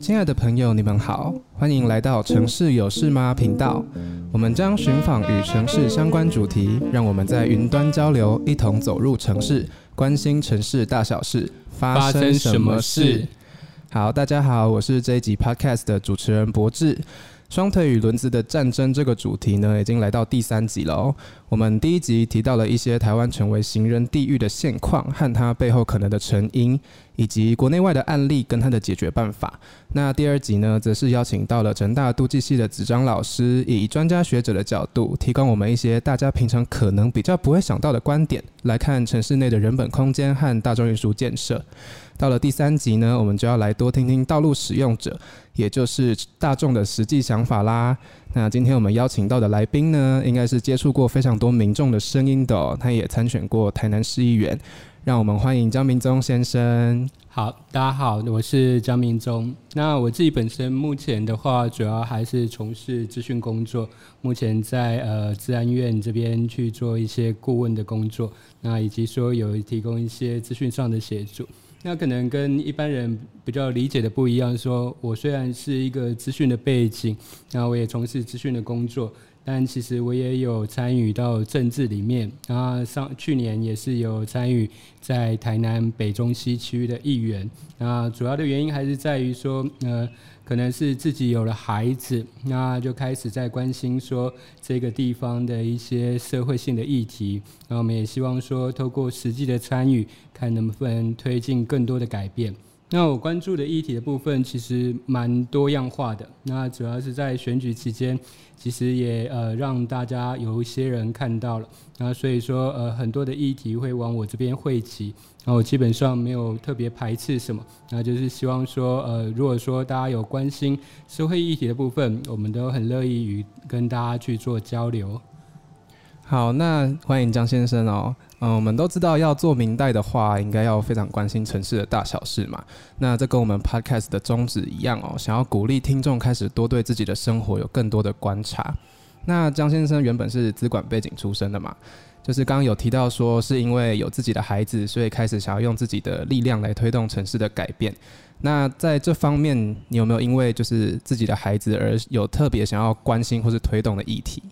親愛的朋友，你們好，歡迎來到城市有事嗎頻道。我們將尋訪與城市相關主題，讓我們在雲端交流，一同走入城市，關心城市大小事，發生什麼事？麼事好，大家好，我是這一集 Podcast 的主持人柏智。雙腿與輪子的戰爭這個主題呢，已經來到第三集了哦。我們第一集提到了一些台灣成為行人地獄的現況和它背後可能的成因，以及國內外的案例跟它的解決辦法。那第二集呢，則是邀請到了成大都計系的子張老師，以專家學者的角度，提供我們一些大家平常可能比較不會想到的觀點，來看城市內的人本空間和大眾運輸建設。到了第三集呢，我們就要來多聽聽道路使用者，也就是大眾的實際想法啦。那今天我們邀請到的來賓呢，應該是接觸過非常多民眾的聲音的、哦，他也參選過台南市議員，讓我們歡迎江明宗先生。好，大家好，我是江明宗。那我自己本身目前的話，主要還是從事資訊工作，目前在呃，治安院這邊去做一些顧問的工作，那以及說有提供一些資訊上的協助。那可能跟一般人比較理解的不一樣說，說我雖然是一個資訊的背景，那我也從事資訊的工作，但其實我也有參與到政治裡面。啊，上去年也是有參與在台南北中西區的議員。啊，主要的原因還是在於說，呃。可能是自己有了孩子，那就開始在關心說這個地方的一些社會性的議題。那我們也希望說，透過實際的參與，看能不能推進更多的改變。那我關注的議題的部分其實蠻多樣化的，那主要是在選舉期間，其實也呃讓大家有一些人看到了，那所以說呃很多的議題會往我這邊匯集，那我基本上沒有特別排斥什麼，那就是希望說呃如果說大家有關心社會議題的部分，我們都很樂意與跟大家去做交流。好，那歡迎江先生哦。嗯，我們都知道要做民代的話，應該要非常關心城市的大小事嘛。那這跟我們 podcast 的宗旨一樣哦，想要鼓勵聽眾開始多對自己的生活有更多的觀察。那江先生原本是資管背景出身的嘛，就是剛剛有提到說是因為有自己的孩子，所以開始想要用自己的力量來推動城市的改變。那在這方面，你有沒有因為就是自己的孩子而有特別想要關心或是推動的議題？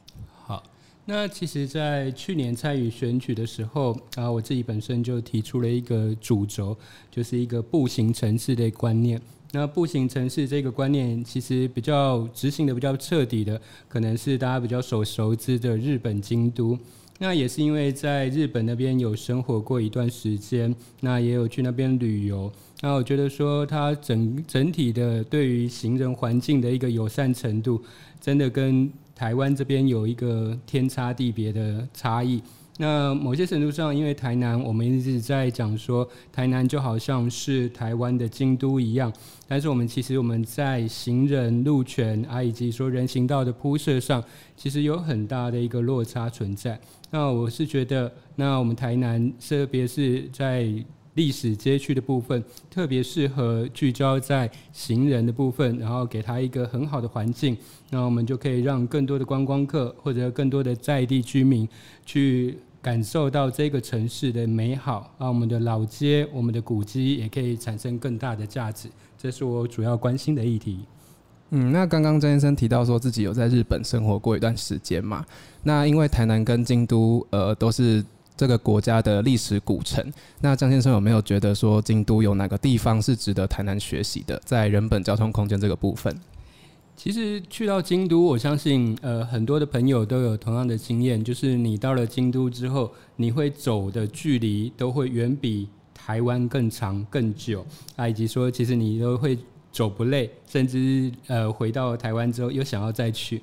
那其實，在去年參與選舉的時候啊，我自己本身就提出了一個主軸，就是一個步行城市的觀念。那步行城市這個觀念，其實比較執行的比較徹底的，可能是大家比較所熟，熟知的日本京都。那也是因為在日本那邊有生活過一段時間，那也有去那邊旅遊。那我覺得說，它整整體的對於行人環境的一個友善程度，真的跟台灣這邊有一個天差地別的差異。那某些程度上，因為台南，我們一直在講說，台南就好像是台灣的京都一樣。但是我們其實我們在行人路權啊，以及說人行道的鋪設上，其實有很大的一個落差存在。那我是覺得，那我們台南，特別是在歷史街區的部分，特別適合聚焦在行人的部分，然後給他一個很好的環境，那我們就可以讓更多的觀光客或者更多的在地居民去感受到這個城市的美好，啊。我們的老街、我們的古蹟也可以產生更大的價值。這是我主要關心的議題。嗯，那剛剛江先生提到說自己有在日本生活過一段時間嘛？那因為台南跟京都，呃，都是。這個國家的歷史古城，那江先生有沒有覺得說京都有哪個地方是值得台南學習的？在人本交通空間這個部分，其實去到京都，我相信呃很多的朋友都有同樣的經驗，就是你到了京都之後，你會走的距離都會遠比台灣更長更久，啊，以及說其實你都會走不累，甚至呃回到台灣之後又想要再去。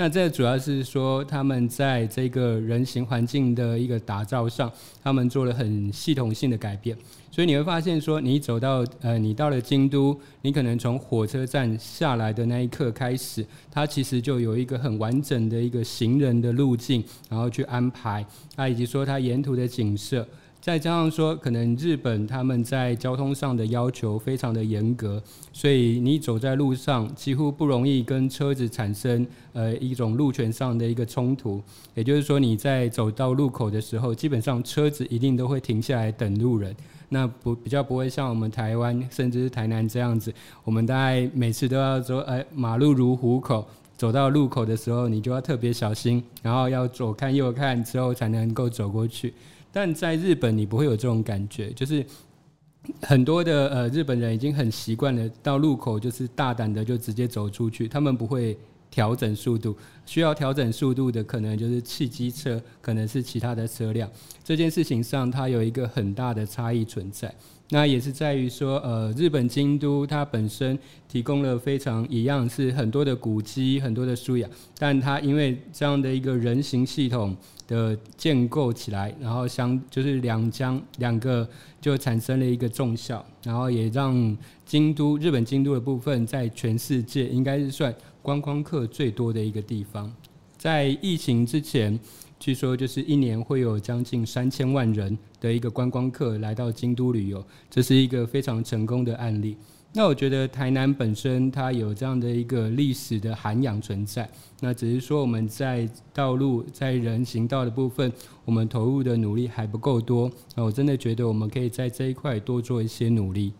那這主要是說，他們在這個人行環境的一個打造上，他們做了很系統性的改變。所以你會發現，說你走到呃，你到了京都，你可能從火車站下來的那一刻開始，它其實就有一個很完整的一個行人的路徑，然後去安排，啊，以及說它沿途的景色。再加上說，可能日本他們在交通上的要求非常的嚴格，所以你走在路上幾乎不容易跟車子產生呃一種路權上的一個衝突。也就是說，你在走到路口的時候，基本上車子一定都會停下來等路人。那不比較不會像我們台灣甚至是台南這樣子，我們大概每次都要走，誒馬路如虎口，走到路口的時候，你就要特別小心，然後要左看右看之後才能夠走過去。但在日本，你不會有這種感覺，就是很多的呃日本人已經很習慣了，到路口就是大膽的就直接走出去，他們不會調整速度，需要調整速度的可能就是汽機車，可能是其他的車輛，這件事情上它有一個很大的差異存在。那也是在於說，呃，日本京都它本身提供了非常一樣是很多的古蹟、很多的素養，但它因為這樣的一個人行系統的建構起來，然後相就是兩江兩個就產生了一個重效，然後也讓京都日本京都的部分在全世界應該是算觀光客最多的一個地方，在疫情之前。據說就是一年會有將近三千萬人的一個觀光客來到京都旅遊，這是一個非常成功的案例。那我覺得台南本身它有這樣的一個歷史的涵養存在，那只是說我們在道路，在人行道的部分，我們投入的努力還不夠多。那我真的覺得我們可以在這一塊多做一些努力。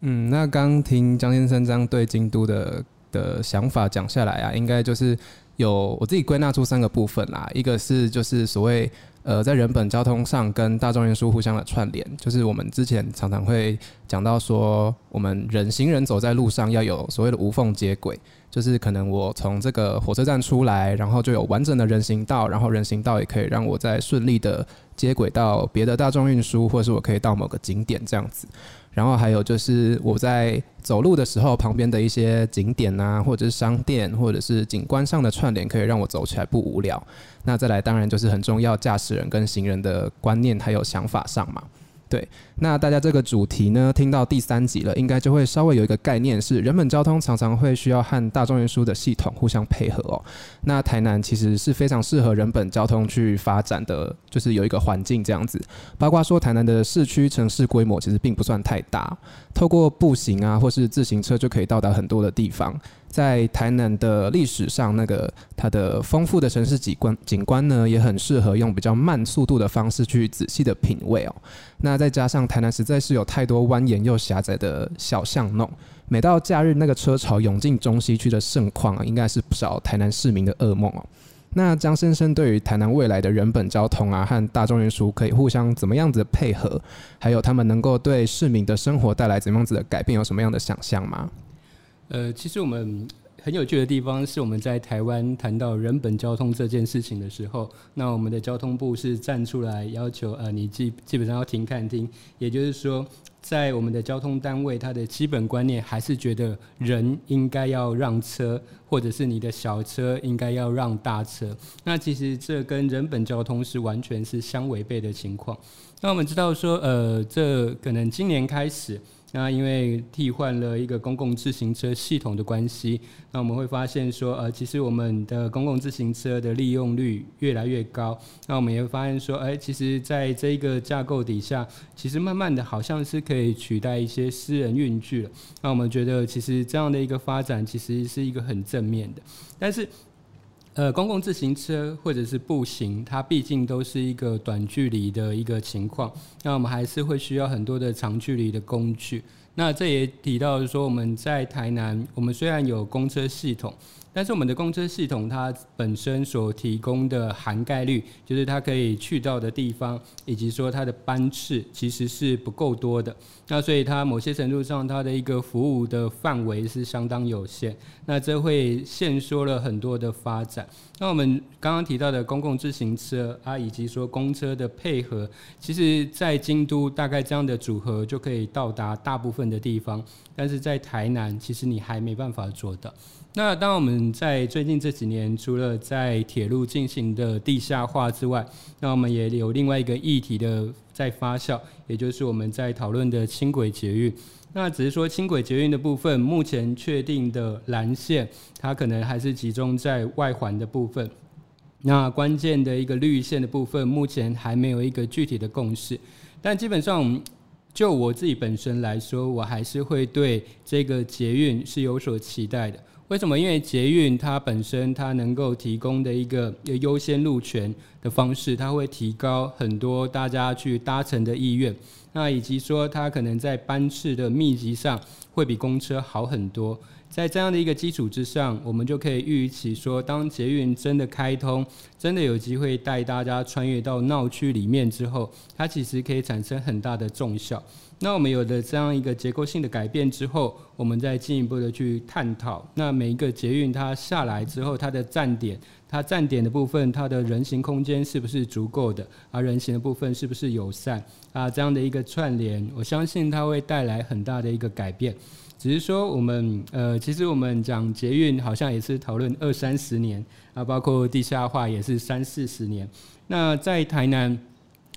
嗯，那剛聽江先生這樣對京都的的想法講下來啊，應該就是。有我自己歸納出三個部分啦，一個是就是所謂呃，在人本交通上跟大眾運輸互相的串聯，就是我們之前常常會講到說，我們人行人走在路上要有所謂的無縫接軌。就是可能我從這個火車站出來，然後就有完整的人行道，然後人行道也可以讓我在順利的接軌到別的大眾運輸，或者是我可以到某個景點這樣子。然後還有就是我在走路的時候，旁邊的一些景點啊，或者是商店，或者是景觀上的串聯，可以讓我走起來不無聊。那再來當然就是很重要，駕駛人跟行人的觀念還有想法上嘛。對，那大家這個主題呢，聽到第三集了，應該就會稍微有一個概念是，是人本交通常常會需要和大眾運輸的系統互相配合哦。那台南其實是非常適合人本交通去發展的，就是有一個環境這樣子，包括說台南的市區城市規模其實並不算太大。透過步行啊，或是自行車就可以到達很多的地方。在台南的歷史上，那個它的豐富的城市景觀景觀呢，也很適合用比較慢速度的方式去仔細的品味哦。那再加上台南實在是有太多蜿蜒又狹窄的小巷弄，每到假日那個車潮湧進中西區的盛況啊，應該是不少台南市民的噩夢哦。那江先生對於台南未來的人本交通啊，和大眾運輸可以互相怎麼樣子的配合，還有他們能夠對市民的生活帶來怎麼樣子的改變，有什麼樣的想象嗎？呃，其實我們。很有趣的地方是，我們在台灣談到人本交通這件事情的時候，那我們的交通部是站出來要求，呃，你基基本上要停看聽，也就是說，在我們的交通單位，它的基本觀念還是覺得人應該要讓車，或者是你的小車應該要讓大車。那其實這跟人本交通是完全是相違背的情況。那我們知道說，呃，這可能今年開始。那因為替換了一個公共自行車系統的關係，那我們會發現說，呃，其實我們的公共自行車的利用率越來越高。那我們也會發現說，哎、欸，其實在這一個架構底下，其實慢慢的，好像是可以取代一些私人運具了。那我們覺得，其實這樣的一個發展，其實是一個很正面的，但是。呃，公共自行車或者是步行，它畢竟都是一個短距離的一個情況，那我們還是會需要很多的長距離的工具。那這也提到說，我們在台南，我們雖然有公車系統。但是我們的公車系統它本身所提供的涵蓋率，就是它可以去到的地方，以及說它的班次其實是不夠多的。那所以它某些程度上，它的一個服務的範圍是相當有限。那這會限縮了很多的發展。那我們剛剛提到的公共自行車啊，以及說公車的配合，其實在京都大概這樣的組合就可以到達大部分的地方，但是在台南其實你還沒辦法做到。那當我們在最近這幾年，除了在鐵路進行的地下化之外，那我們也有另外一個議題的在發酵，也就是我們在討論的輕軌捷運。那只是說輕軌捷運的部分，目前確定的藍線，它可能還是集中在外環的部分。那關鍵的一個綠線的部分，目前還沒有一個具體的共識。但基本上，就我自己本身來說，我還是會對這個捷運是有所期待的。為什麼？因為捷運它本身，它能夠提供的一個優先路權的方式，它會提高很多大家去搭乘的意願。那以及說，它可能在班次的密集上會比公車好很多。在這樣的一個基礎之上，我們就可以預期說，當捷運真的開通，真的有機會帶大家穿越到鬧區裡面之後，它其實可以產生很大的成效。那我們有了這樣一個結構性的改變之後，我們再進一步的去探討。那每一個捷運它下來之後，它的站點，它站點的部分，它的人行空間是不是足夠的？啊，人行的部分是不是友善？啊，這樣的一個串聯，我相信它會帶來很大的一個改變。只是說，我們呃，其實我們講捷運好像也是討論二三十年啊，包括地下化也是三四十年。那在台南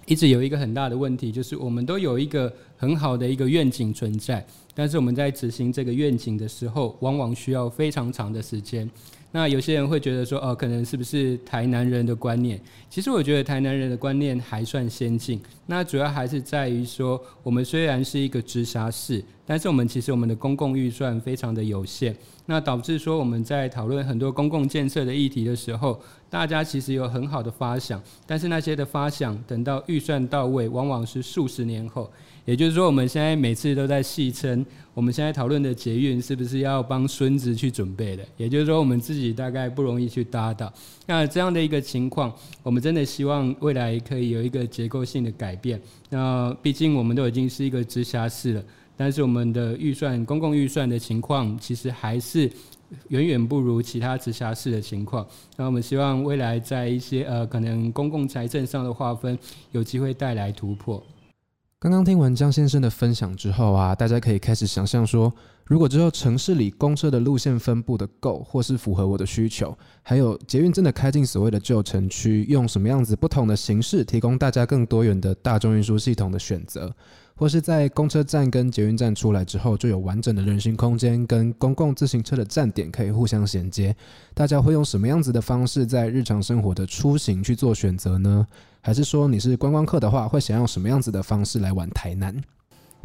一直有一個很大的問題，就是我們都有一個。很好的一個願景存在，但是我們在執行這個願景的時候，往往需要非常長的時間。那有些人會覺得說，哦、呃，可能是不是台南人的觀念？其實我覺得台南人的觀念還算先進。那主要還是在於說，我們雖然是一個直轄市，但是我們其實我們的公共預算非常的有限，那導致說我們在討論很多公共建設的議題的時候，大家其實有很好的發想，但是那些的發想等到預算到位，往往是數十年後。也就是說，我們現在每次都在戲稱，我們現在討論的捷運是不是要幫孫子去準備的？也就是說，我們自己大概不容易去搭到。那這樣的一個情況，我們真的希望未來可以有一個結構性的改變。那畢竟我們都已經是一個直轄市了，但是我們的預算、公共預算的情況，其實還是遠遠不如其他直轄市的情況。那我們希望未來在一些呃，可能公共財政上的劃分，有機會帶來突破。剛剛聽完江先生的分享之後啊，大家可以開始想象說，如果之後城市裡公車的路線分布的夠，或是符合我的需求，還有捷運真的開進所謂的舊城區，用什麼樣子不同的形式提供大家更多元的大眾運輸系統的選擇，或是在公車站跟捷運站出來之後，就有完整的人行空間跟公共自行車的站點可以互相銜接，大家會用什麼樣子的方式在日常生活的出行去做選擇呢？還是說你是觀光客的話，會想用什麼樣子的方式來玩台南？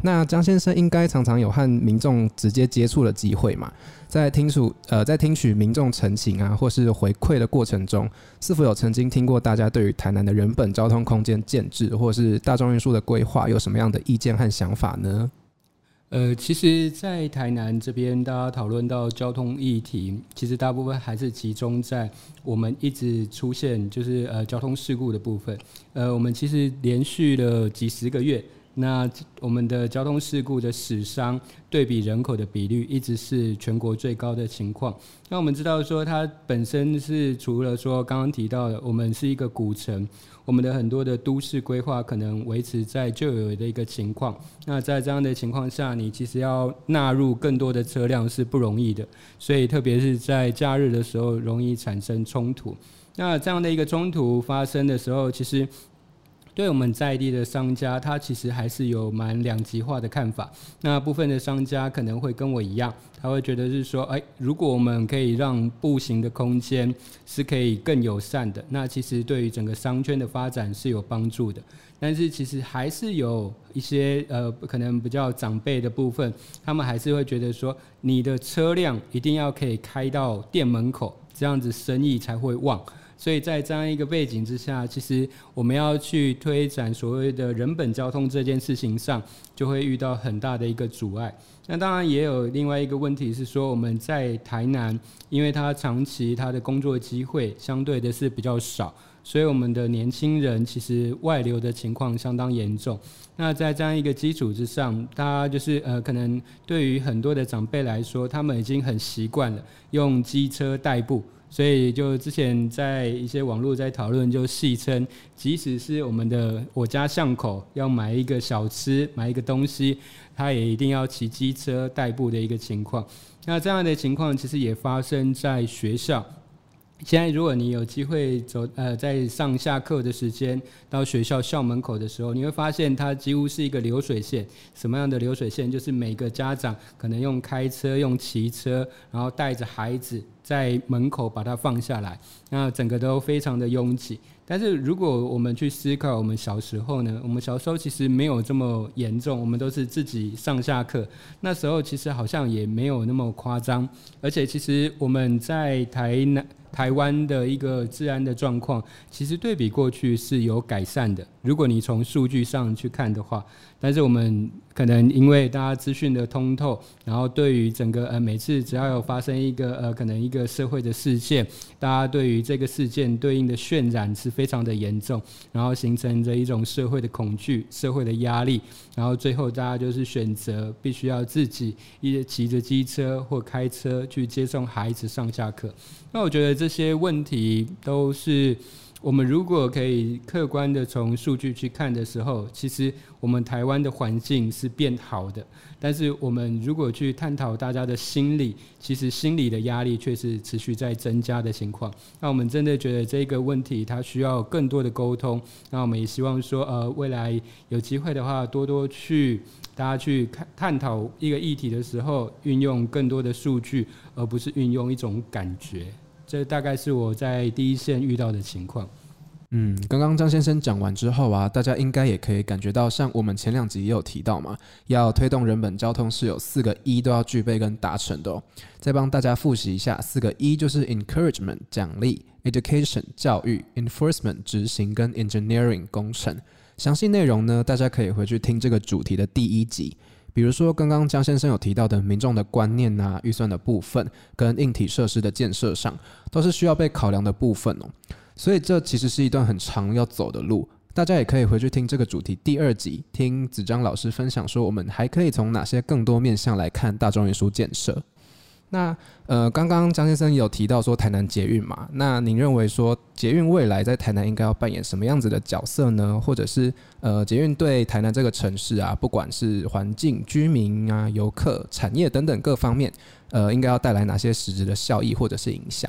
那江先生應該常常有和民眾直接接觸的機會嘛，在聽取呃、在聽取民眾陳情啊，或是回饋的過程中，是否有曾經聽過大家對於台南的人本交通空間建置或是大眾運輸的規劃有什麼樣的意見和想法呢？呃，其實，在台南這邊，大家討論到交通議題，其實大部分還是集中在我們一直出現，就是呃交通事故的部分。呃，我們其實連續了幾十個月，那我們的交通事故的死傷對比人口的比率，一直是全國最高的情況。那我們知道說，它本身是除了說剛剛提到的，我們是一個古城，我們的很多的都市規劃可能維持在舊有的一個情況。那在這樣的情況下，你其實要納入更多的車輛是不容易的。所以，特別是在假日的時候，容易產生衝突。那這樣的一個衝突發生的時候，其實，對我們在地的商家，他其實還是有蠻兩極化的看法。那部分的商家可能會跟我一樣，他會覺得是說，哎，如果我們可以讓步行的空間是可以更友善的，那其實對於整個商圈的發展是有幫助的。但是其實還是有一些呃，可能比較長輩的部分，他們還是會覺得說，你的車輛一定要可以開到店門口，這樣子生意才會旺。所以在這樣一個背景之下，其實我們要去推展所謂的人本交通這件事情上，就會遇到很大的一個阻礙。那當然也有另外一個問題是說，我們在台南，因為他長期他的工作機會相對的是比較少，所以我們的年輕人其實外流的情況相當嚴重。那在這樣一個基礎之上，他就是呃，可能對於很多的長輩來說，他們已經很習慣了用機車代步。所以，就之前在一些網絡在討論，就戲稱，即使是我們的我家巷口要買一個小吃、買一個東西，他也一定要騎機車代步的一個情況。那這樣的情況，其實也發生在學校。現在，如果你有機會走，呃，在上下課的時間到學校校門口的時候，你會發現它幾乎是一個流水線。什麼樣的流水線？就是每個家長可能用開車、用騎車，然後帶着孩子在門口把它放下來，那整個都非常的擁擠。但是，如果我們去思考我們小時候呢，我們小時候其實沒有這麼嚴重，我們都是自己上下課。那時候其實好像也沒有那麼誇張，而且其實我們在台南。台灣的一個治安的狀況，其實對比過去是有改善的。如果你從數據上去看的話，但是我們可能因為大家資訊的通透，然後對於整個呃每次只要有發生一個呃可能一個社會的事件，大家對於這個事件對應的渲染是非常的嚴重，然後形成着一種社會的恐懼、社會的壓力，然後最後大家就是選擇必須要自己一直騎着機車或開車去接送孩子上下課。那我覺得。這些問題都是我們如果可以客觀的從數據去看的時候，其實我們台灣的環境是變好的。但是我們如果去探討大家的心理，其實心理的壓力卻是持續在增加的情況。那我們真的覺得這個問題它需要更多的溝通。那我們也希望說，呃，未來有機會的話，多多去，大家去看，探討一個議題的時候，運用更多的數據，而不是運用一種感覺。這大概是我在第一線遇到的情況。嗯，剛剛江先生講完之後啊，大家應該也可以感覺到，像我們前兩集也有提到嘛，要推動人本交通是有四個一都要具備跟達成的哦。再幫大家複習一下，四個一就是 encouragement 獎勵、education 教育、enforcement 執行跟 engineering 工程。詳細內容呢，大家可以回去聽這個主題的第一集。比如說，剛剛江先生有提到的民眾的觀念啊、預算的部分跟硬體設施的建設上，都是需要被考量的部分哦。所以這其實是一段很長要走的路。大家也可以回去聽這個主題第二集，聽子章老師分享說，我們還可以從哪些更多面向來看大眾運輸建設。那呃，剛剛江先生有提到說台南捷運嘛，那您認為說捷運未來在台南應該要扮演什麼樣子的角色呢？或者是呃，捷運對台南這個城市啊，不管是環境、居民啊、遊客、產業等等各方面，呃，應該要帶來哪些實質的效益或者是影響？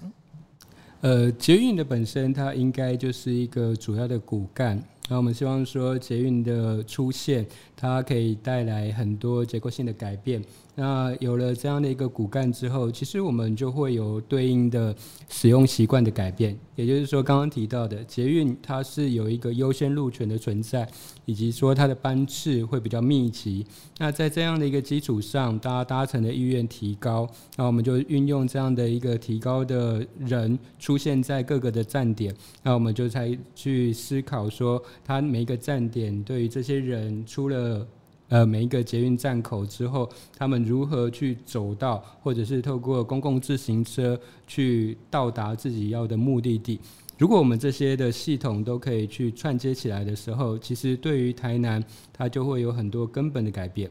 呃，捷運的本身它應該就是一個主要的骨幹。那我們希望說，捷運的出現，它可以帶來很多結構性的改變。那有了這樣的一個骨幹之後，其實我們就會有對應的使用習慣的改變。也就是說，剛剛提到的捷運，它是有一個優先路權的存在，以及說它的班次會比較密集。那在這樣的一個基礎上，大家搭乘的意願提高，那我們就運用這樣的一個提高的人出現在各個的站點，那我們就才去思考說，它每一個站點對於這些人出了呃每一個捷運站口之後，他們如何去走到，或者是透過公共自行車去到達自己要的目的地。如果我們這些的系統都可以去串接起來的時候，其實對於台南，它就會有很多根本的改變。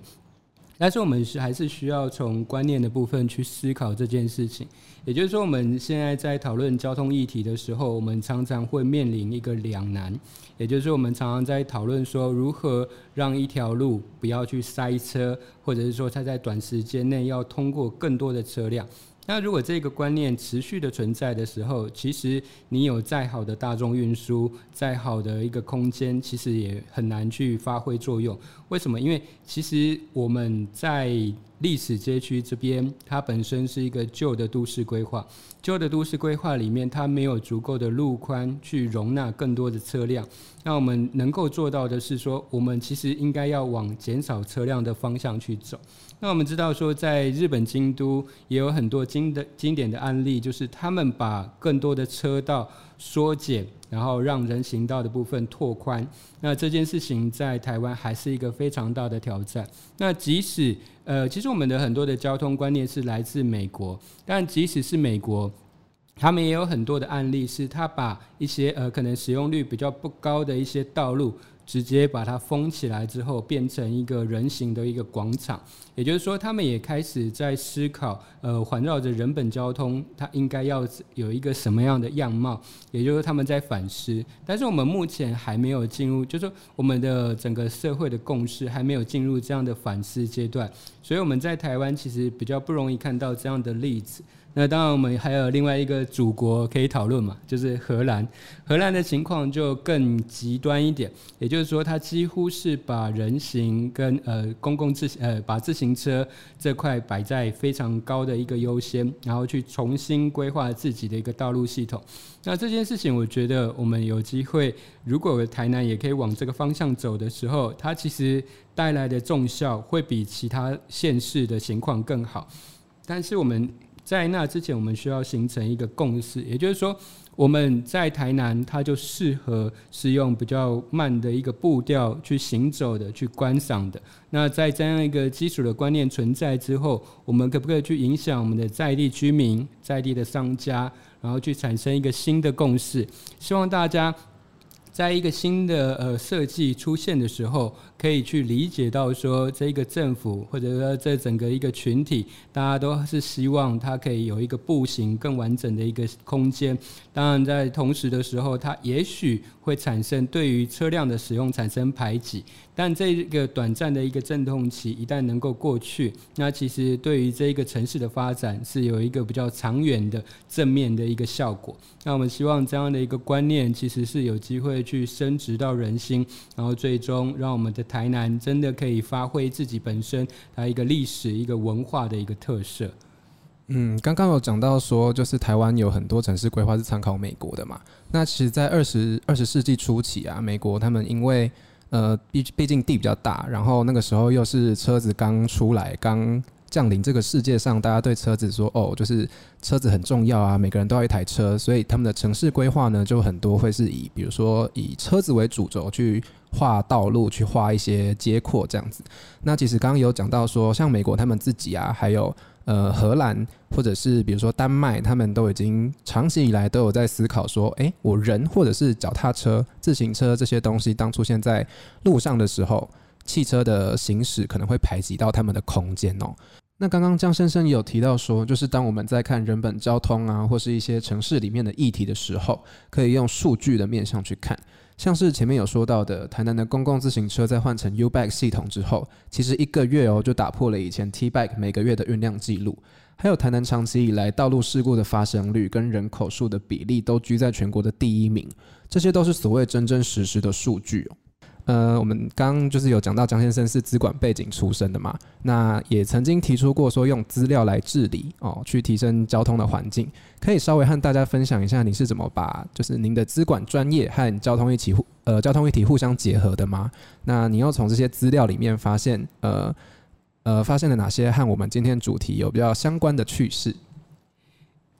但是我們是還是需要從觀念的部分去思考這件事情。也就是說，我們現在在討論交通議題的時候，我們常常會面臨一個兩難，也就是說我們常常在討論說如何讓一條路不要去塞車，或者是說它在短時間內要通過更多的車輛。那如果這個觀念持續的存在的時候，其實你有再好的大眾運輸、再好的一個空間，其實也很難去發揮作用。為什麼？因為其實我們在歷史街區這邊，它本身是一個舊的都市規劃。舊的都市規劃裡面，它沒有足夠的路寬去容納更多的車輛。那我們能夠做到的是說，我們其實應該要往減少車輛的方向去走。那我們知道說，在日本京都也有很多經的經典的案例，就是他們把更多的車道縮減，然後讓人行道的部分拓寬。那這件事情在台灣還是一個非常大的挑戰。那即使呃，其實我們的很多的交通觀念是來自美國，但即使是美國，他們也有很多的案例，是他把一些呃可能使用率比較不高的一些道路。直接把它封起來之後，變成一個人行的一個廣場。也就是說，他們也開始在思考，呃，環繞着人本交通，它應該要有一個什麼樣的樣貌。也就是說，他們在反思。但是我們目前還沒有進入，就是說，我們的整個社會的共識還沒有進入這樣的反思階段。所以我們在台灣其實比較不容易看到這樣的例子。那當然，我們還有另外一個祖國可以討論嘛，就是荷蘭。荷蘭的情況就更極端一點，也就是說，它幾乎是把人行跟呃公共自行呃把自行車這塊擺在非常高的一個優先，然後去重新規劃自己的一個道路系統。那這件事情，我覺得我們有機會，如果台南也可以往這個方向走的時候，它其實帶來的重效會比其他縣市的情況更好。但是我們。在那之前，我們需要形成一個共識，也就是說，我們在台南，它就適合使用比較慢的一個步調去行走的，去觀賞的。那在這樣一個基礎的觀念存在之後，我們可不可以去影響我們的在地居民、在地的商家，然後去產生一個新的共識？希望大家。在一個新的呃設計出現的時候，可以去理解到說，這一個政府或者說這整個一個群體，大家都是希望它可以有一個步行更完整的一個空間。當然，在同時的時候，它也許會產生對於車輛的使用產生排擠。但這個短暫的一個陣痛期一旦能夠過去，那其實對於這一個城市的發展是有一個比較長遠的正面的一個效果。那我們希望這樣的一個觀念其實是有機會。去升值到人心，然後最終讓我們的台南真的可以發揮自己本身它一個歷史、一個文化的一個特色。嗯，剛剛有講到說，就是台灣有很多城市規劃是參考美國的嘛。那其實，在二十二十世紀初期啊，美國他們因為呃，畢畢竟地比較大，然後那個時候又是車子剛出來，剛。降臨這個世界上，大家對車子說：“哦，就是車子很重要啊，每個人都要一台車。”所以他們的城市規劃呢，就很多會是以比如說以車子為主軸去畫道路、去畫一些街廓這樣子。那其實剛剛有講到說，像美國他們自己啊，還有呃荷蘭或者是比如說丹麥，他們都已經長期以來都有在思考說：“誒，我人或者是腳踏車、自行車這些東西當出現在路上的時候。”汽車的行駛可能會排擠到他們的空間哦。那剛剛江先生也有提到說，就是當我們在看人本交通啊，或是一些城市裡面的議題的時候，可以用數據的面向去看。像是前面有說到的，台南的公共自行車在換成 U Bike 系統之後，其實一個月哦就打破了以前 T Bike 每個月的運量記錄。還有台南長期以來道路事故的發生率跟人口數的比例都居在全國的第一名，這些都是所謂真真實實的數據哦。呃，我們剛剛就是有講到江先生，是資管背景出身的嘛，那也曾經提出過說用資料來治理哦，去提升交通的環境，可以稍微和大家分享一下你，是怎麼把就是您的資管專業和交通一起互呃交通議題互相結合的嗎？那你要從這些資料裡面發現呃呃，發現了哪些和我們今天主題有比較相關的趣事？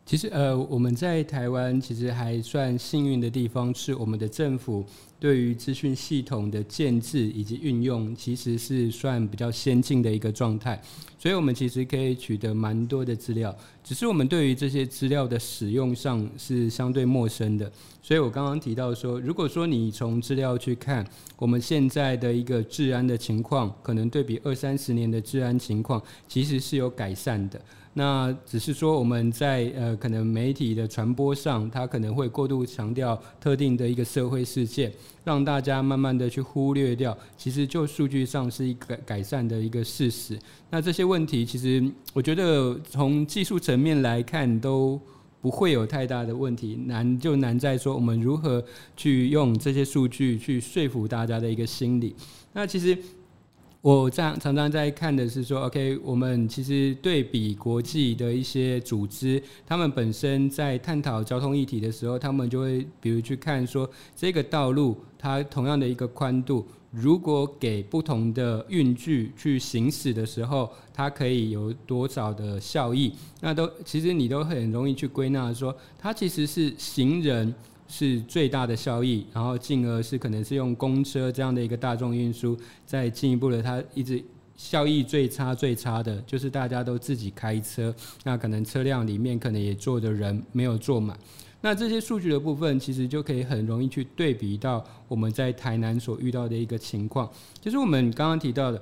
其實，呃，我們在台灣其實還算幸運的地方是，我們的政府對於資訊系統的建置以及運用，其實是算比較先進的一個狀態。所以，我們其實可以取得蠻多的資料。只是我們對於這些資料的使用上是相對陌生的。所以我剛剛提到說，如果說你從資料去看我們現在的一個治安的情況，可能對比二三十年的治安情況，其實是有改善的。那只是說，我們在呃，可能媒體的傳播上，它可能會過度強調特定的一個社會事件，讓大家慢慢的去忽略掉。其實就數據上是一個改善的一個事實。那這些問題，其實我覺得從技術層面來看都不會有太大的問題，難就難在說我們如何去用這些數據去說服大家的一個心理。那其實。我常常常在看的是說，OK，我們其實對比國際的一些組織，他們本身在探討交通議題的時候，他們就會比如去看說，這個道路它同樣的一個寬度，如果給不同的運具去行駛的時候，它可以有多少的效益？那都其實你都很容易去歸納說，它其實是行人。是最大的效益，然後進而是可能是用公車這樣的一個大眾運輸，再進一步的，它一直效益最差最差的，就是大家都自己開車，那可能車輛裡面可能也坐的人沒有坐滿。那這些數據的部分，其實就可以很容易去對比到我們在台南所遇到的一個情況，就是我們剛剛提到的，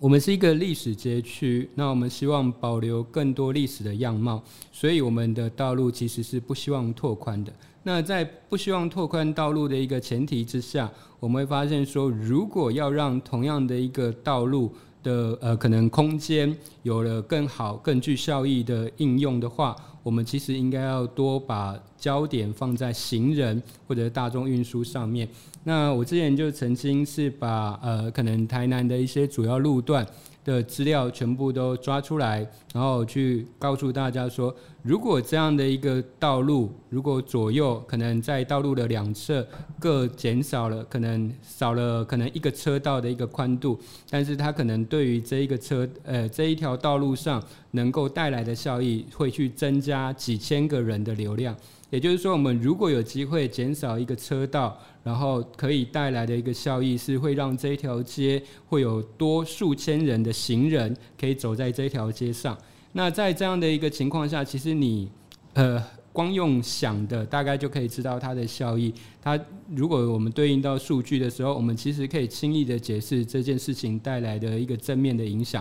我們是一個歷史街區，那我們希望保留更多歷史的樣貌，所以我們的道路其實是不希望拓寬的。那在不希望拓寬道路的一個前提之下，我們會發現說，如果要讓同樣的一個道路的呃可能空間有了更好更具效益的應用的話，我們其實應該要多把焦點放在行人或者大眾運輸上面。那我之前就曾經是把呃可能台南的一些主要路段的資料全部都抓出來，然後去告訴大家說，如果這樣的一個道路，如果左右可能在道路的兩側各減少了，可能少了可能一個車道的一個寬度，但是它可能對於這一個車呃這一條道路上能夠帶來的效益，會去增加幾千個人的流量。也就是說，我們如果有機會減少一個車道，然後可以帶來的一個效益是會讓這一條街會有多數千人的行人可以走在這條街上。那在這樣的一個情況下，其實你呃，光用想的大概就可以知道它的效益。它如果我們對應到數據的時候，我們其實可以輕易的解釋這件事情帶來的一個正面的影響。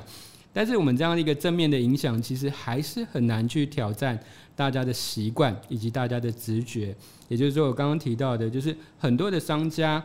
但是我們這樣的一個正面的影響，其實還是很難去挑戰大家的習慣以及大家的直覺。也就是說，我剛剛提到的，就是很多的商家。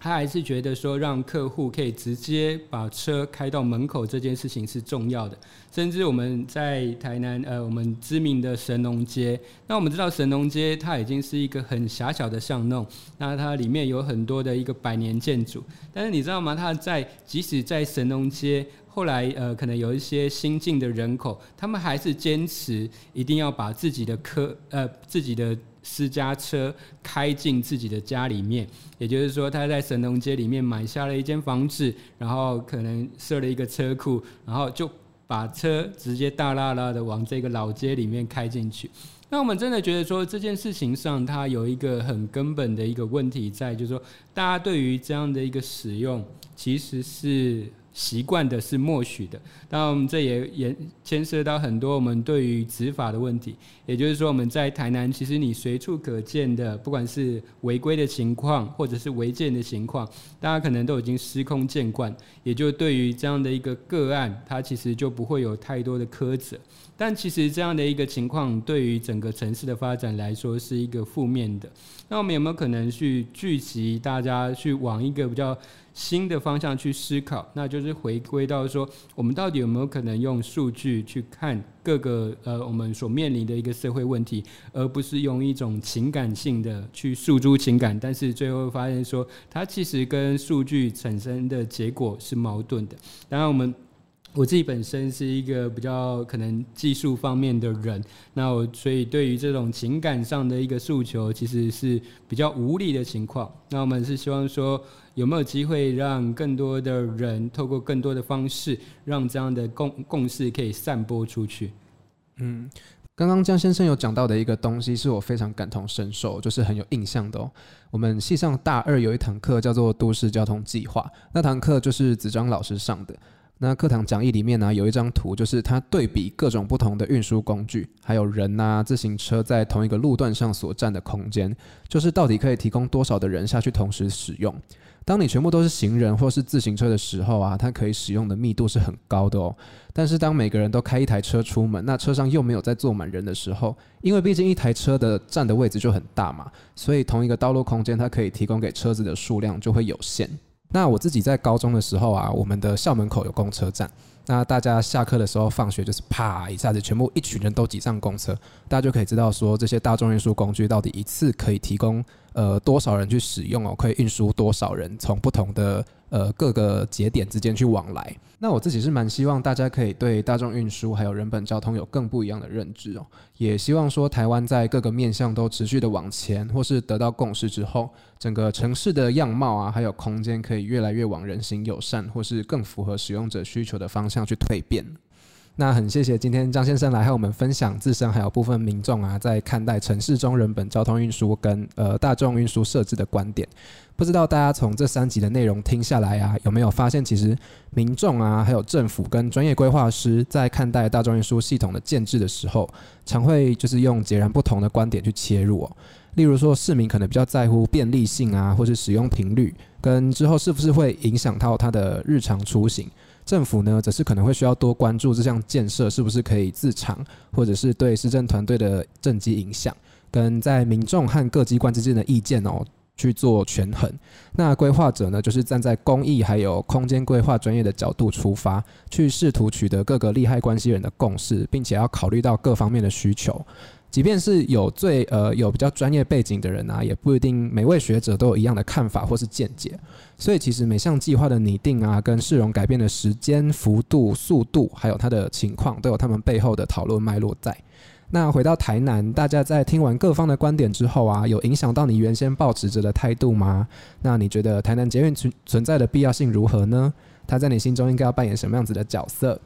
他還是覺得說，讓客戶可以直接把車開到門口這件事情是重要的。甚至我們在台南，呃，我們知名的神農街，那我們知道神農街它已經是一個很狹小的巷弄，那它裡面有很多的一個百年建築。但是你知道嗎？它在即使在神農街，後來呃，可能有一些新進的人口，他們還是堅持一定要把自己的車，呃，自己的。私家車開進自己的家裡面，也就是說，他在神農街裡面買下了一間房子，然後可能設了一個車庫，然後就把車直接大拉拉的往這個老街裡面開進去。那我們真的覺得說這件事情上，它有一個很根本的一個問題在，就是說，大家對於這樣的一個使用，其實是。習慣的是默許的，當然我們，這也也牽涉到很多我們對於執法的問題，也就是說，我們在台南其實你隨處可見的，不管是違規的情況或者是違建的情況，大家可能都已經司空見慣，也就對於這樣的一個個案，它其實就不會有太多的苛責。但其實這樣的一個情況，對於整個城市的發展來說，是一個負面的。那我們有沒有可能去聚集大家去往一個比較新的方向去思考，那就是回歸到說，我們到底有沒有可能用數據去看各個呃我們所面臨的一個社會問題，而不是用一種情感性的去訴諸情感，但是最後發現說，它其實跟數據產生的結果是矛盾的。當然我們。我自己本身是一個比較可能技術方面的人，那我所以對於這種情感上的一個訴求，其實是比較無力的情況。那我們是希望說有沒有機會讓更多的人透過更多的方式，讓這樣的共共識可以散播出去。嗯，剛剛江先生有講到的一個東西，是我非常感同身受，就是很有印象的哦。我們系上大二有一堂課叫做《都市交通計劃》，那堂課就是子章老師上的。那課堂講義裡面呢、啊，有一張圖，就是它對比各種不同的運輸工具，還有人吶、啊、自行車在同一個路段上所占的空間，就是到底可以提供多少的人下去同時使用。當你全部都是行人或是自行車的時候啊，它可以使用的密度是很高的哦。但是當每個人都開一台車出門，那車上又沒有在坐滿人的時候，因為畢竟一台車的占的位置就很大嘛，所以同一個道路空間，它可以提供給車子的數量就會有限。那我自己在高中的時候啊，我們的校門口有公車站，那大家下課的時候放學就是啪一下子，全部一群人都擠上公車，大家就可以知道說，這些大眾運輸工具到底一次可以提供呃多少人去使用哦，可以運輸多少人從不同的，呃，各個節點之間去往來，那我自己是蠻希望大家可以對大眾運輸還有人本交通有更不一樣的認知哦，也希望說台灣在各個面向都持續的往前，或是得到共識之後，整個城市的樣貌啊，還有空間可以越來越往人行友善或是更符合使用者需求的方向去蛻變。那很謝謝今天江先生來和我們分享自身還有部分民眾啊，在看待城市中人本交通運輸跟呃大眾運輸設置的觀點。不知道大家從這三集的內容聽下來啊，有沒有發現其實民眾啊，還有政府跟專業規劃師在看待大眾運輸系統的建置的時候，常會就是用截然不同的觀點去切入哦。例如說市民可能比較在乎便利性啊，或是使用頻率跟之後是不是會影響到他的日常出行。政府呢，則是可能會需要多關注這項建設是不是可以自償，或者是對市政團隊的政績影響，跟在民眾和各機關之間的意見哦去做權衡。那規劃者呢，就是站在公益還有空間規劃專業的角度出發，去試圖取得各個利害關係人的共識，並且要考慮到各方面的需求。即便是有最呃有比較專業背景的人呢、啊，也不一定每位學者都有一樣的看法或是見解。所以其實每項計劃的擬定啊，跟市容改變的時間、幅度、速度，還有它的情況，都有他們背後的討論脈絡在。那回到台南，大家在聽完各方的觀點之後啊，有影響到你原先抱持著的態度嗎？那你覺得台南捷運存存在的必要性如何呢？它在你心中應該要扮演什麼樣子的角色？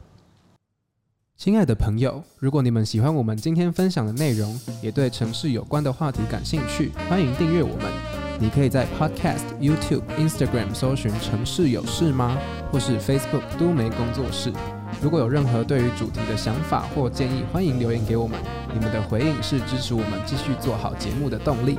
親愛的朋友，如果你們喜歡我們今天分享的內容，也對城市有關的話題感興趣，歡迎訂閱我們。你可以在 Podcast、YouTube、Instagram 搜尋“城市有事嗎”，或是 Facebook 都媒工作室。如果有任何對於主題的想法或建議，歡迎留言給我們。你們的回應是支持我們繼續做好節目的動力。